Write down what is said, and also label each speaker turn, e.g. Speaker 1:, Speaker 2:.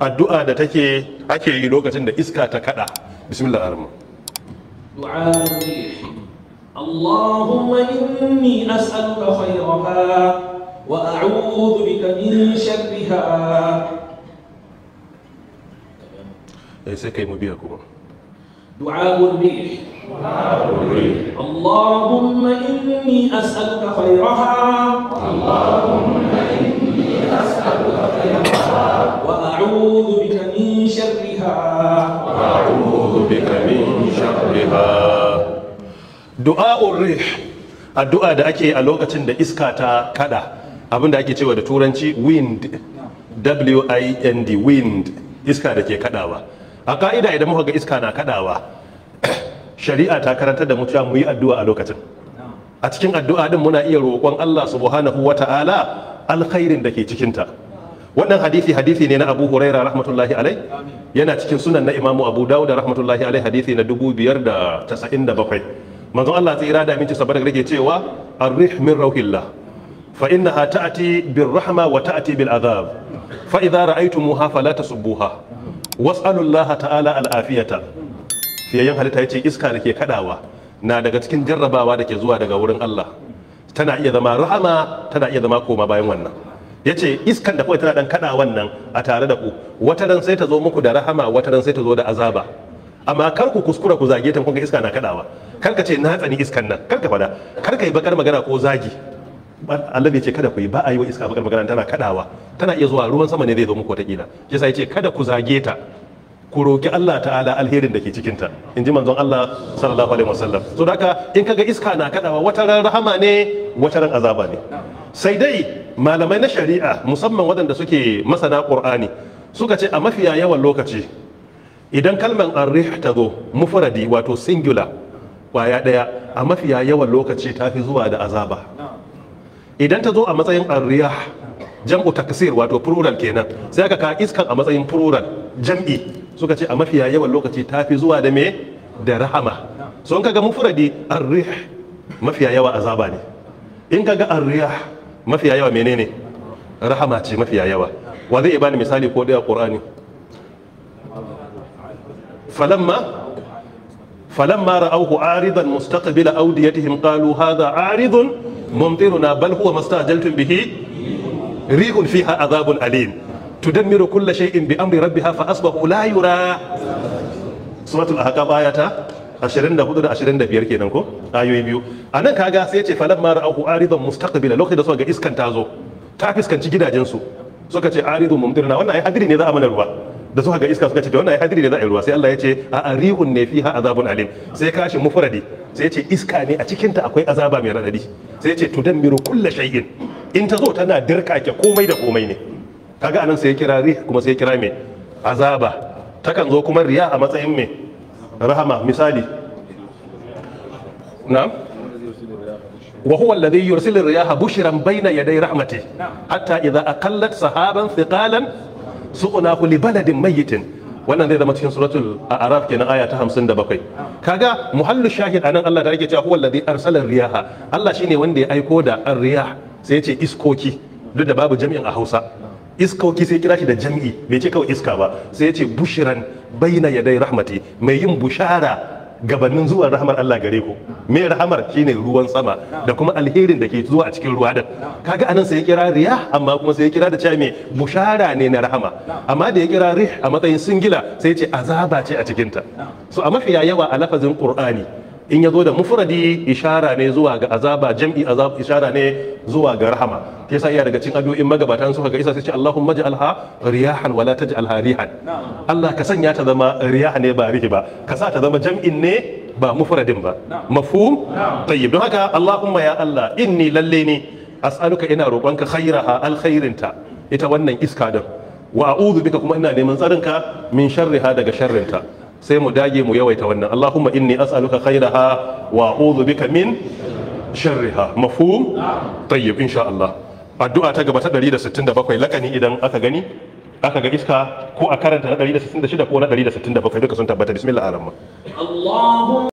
Speaker 1: addu'a da take ake yi lokacin da iska ta kada bismillah arma du'a Allahumma inni as'aluka khayraha wa a'udhu bika min sharriha eh sai kai mu biya kuma du'a rih Allahumma inni as'aluka khayraha Allahumma inni du'a'ur rih addu'a da ake a lokacin da iska ta kada abinda ake cewa da turanci wind w i n d wind iska da ke kadawa a ka'ida idan muka ga iska na kadawa shari'a ta karanta da mutuwa mu yi addu'a a lokacin a cikin addu'a din muna iya roƙon Allah subhanahu wata'ala alkhairin da ke cikin ta wannan hadisi hadisi ne na Abu Huraira rahmatullahi alai yana cikin sunan na Imam Abu Dawud rahmatullahi alai hadisi na 2597 manzon Allah ta da aminci sabar rage cewa arrih min rauhillah fa innaha ta'ati bir rahma wa ta'ati bil adhab fa idha ra'aytumuha fala tasubbuha was'alu Allah ta'ala al afiyata yayin halitta yace iska da kadawa na daga cikin jarrabawa da ke zuwa daga wurin Allah tana iya zama rahama tana iya zama koma bayan wannan yace ce iskan da kawai tana dan kada wannan a tare da ku wata ran sai ta zo muku da rahama wata ran sai ta zo da azaba amma kar ku kuskura ku zage ta kun ga iska na kadawa karka ce na tsani iskan nan karka fada karka yi bakar magana ko zagi Allah ya ce kada ku yi ba a yi wa iska bakar magana tana kadawa tana iya zuwa ruwan sama ne zai zo muku watakila shi yasa ya ce kada ku zage ta ku roki Allah ta'ala alherin da ke cikin ta in ji manzon Allah sallallahu alaihi wasallam so haka in kaga iska na kadawa wata ran rahama ne wata ran azaba ne sai dai malamai na shari'a musamman waɗanda suke masana qur'ani suka ce a mafiya yawan lokaci idan kalmar arrih ta zo mufradi wato singular kwaya ɗaya a mafiya yawan lokaci ta fi zuwa da azaba idan ta zo a matsayin arriya jam'u takasir wato plural kenan sai aka ka iskan a matsayin plural jam'i suka ce a mafiya yawan lokaci ta fi zuwa da me da rahama sun kaga mufradi arriya mafiya yawa azaba ne in kaga arriya mafiya yawa menene rahama ce mafiya yawa wa zai bani misali ko daya qur'ani falamma فلما رأوه عارضا مستقبل أوديتهم قالوا هذا عارض ممطرنا بل هو ما استعجلتم به ريح فيها عذاب أليم تدمر كل شيء بأمر ربها فأصبحوا لا يرى سورة الأحقاب آية 24 da 25 kenan ko ayoyi biyu a nan kaga sai yace falan ma ra'ahu aridan mustaqbila lokacin da suka ga iskan ta zo ta fuskanci gidajensu suka ce aridun mumdirna wannan ai hadiri ne za a mana ruwa da suka ga iska suka ce to wannan hadiri ne za a yi ruwa sai Allah ya ce a rihun ne fiha azabun alim sai kashi mufradi sai ya ce iska ne a cikinta akwai azaba mai radadi sai ya ce tudammiru kulla shay'in in ta zo tana dirkake komai da komai ne kaga anan sai ya kira rih kuma sai ya kira me azaba takan zo kuma riya a matsayin me rahama misali na'am وهو الذي يرسل الرياح بشرا بين يدي رحمته حتى إذا أقلت سحابا ثقالا su'unahu li baladin mayyitin wannan zai zama cikin suratul a'raf kenan aya ta 57 kaga muhallu shahid anan Allah da yake cewa huwa alladhi arsala riyaha Allah shine wanda ya aiko da ar-riyah sai ya ce iskoki duk da babu jami'in a Hausa iskoki sai kira shi da jami'i bai ce kawai iska ba sai ya ce bushiran baina yadai rahmati mai yin bushara gabanin zuwan rahamar Allah gare ku me rahamar shine ruwan sama da kuma alherin da ke zuwa a cikin ruwa da kaga anan sai ya kira riya amma kuma sai ya kira da cewa me bushara ne na rahama amma da ya kira rih a matsayin singila sai ya ce azaba ce a cikin ta so a mafiya yawa a lafazin qur'ani in ya zo da mufradi ishara ne zuwa ga azaba jam'i azab ishara ne zuwa ga rahama ta yasa iya daga cikin addu'o'in magabatan suka ga isa sai ce Allahumma alha riyahan wala taj'alha rihan Allah ka sanya ta zama riyaha ne ba rihi ba ka sa ta zama jam'in ne ba mufradin ba mafhum tayyib don haka Allahumma ya Allah inni lalle ni as'aluka ina roƙonka khairaha alkhairinta ita wannan iska din wa a'udhu bika kuma ina neman tsarinka min sharriha daga sharrinta sai mu dage mu yawaita wannan Allahumma inni as'aluka khairaha wa a'udhu bika min sharriha mafhum tayyib insha Allah addu'a ta gaba ta 167 lakani idan aka gani aka ga iska ko a karanta na 166 ko na 167 duka sun tabbata bismillah arrahman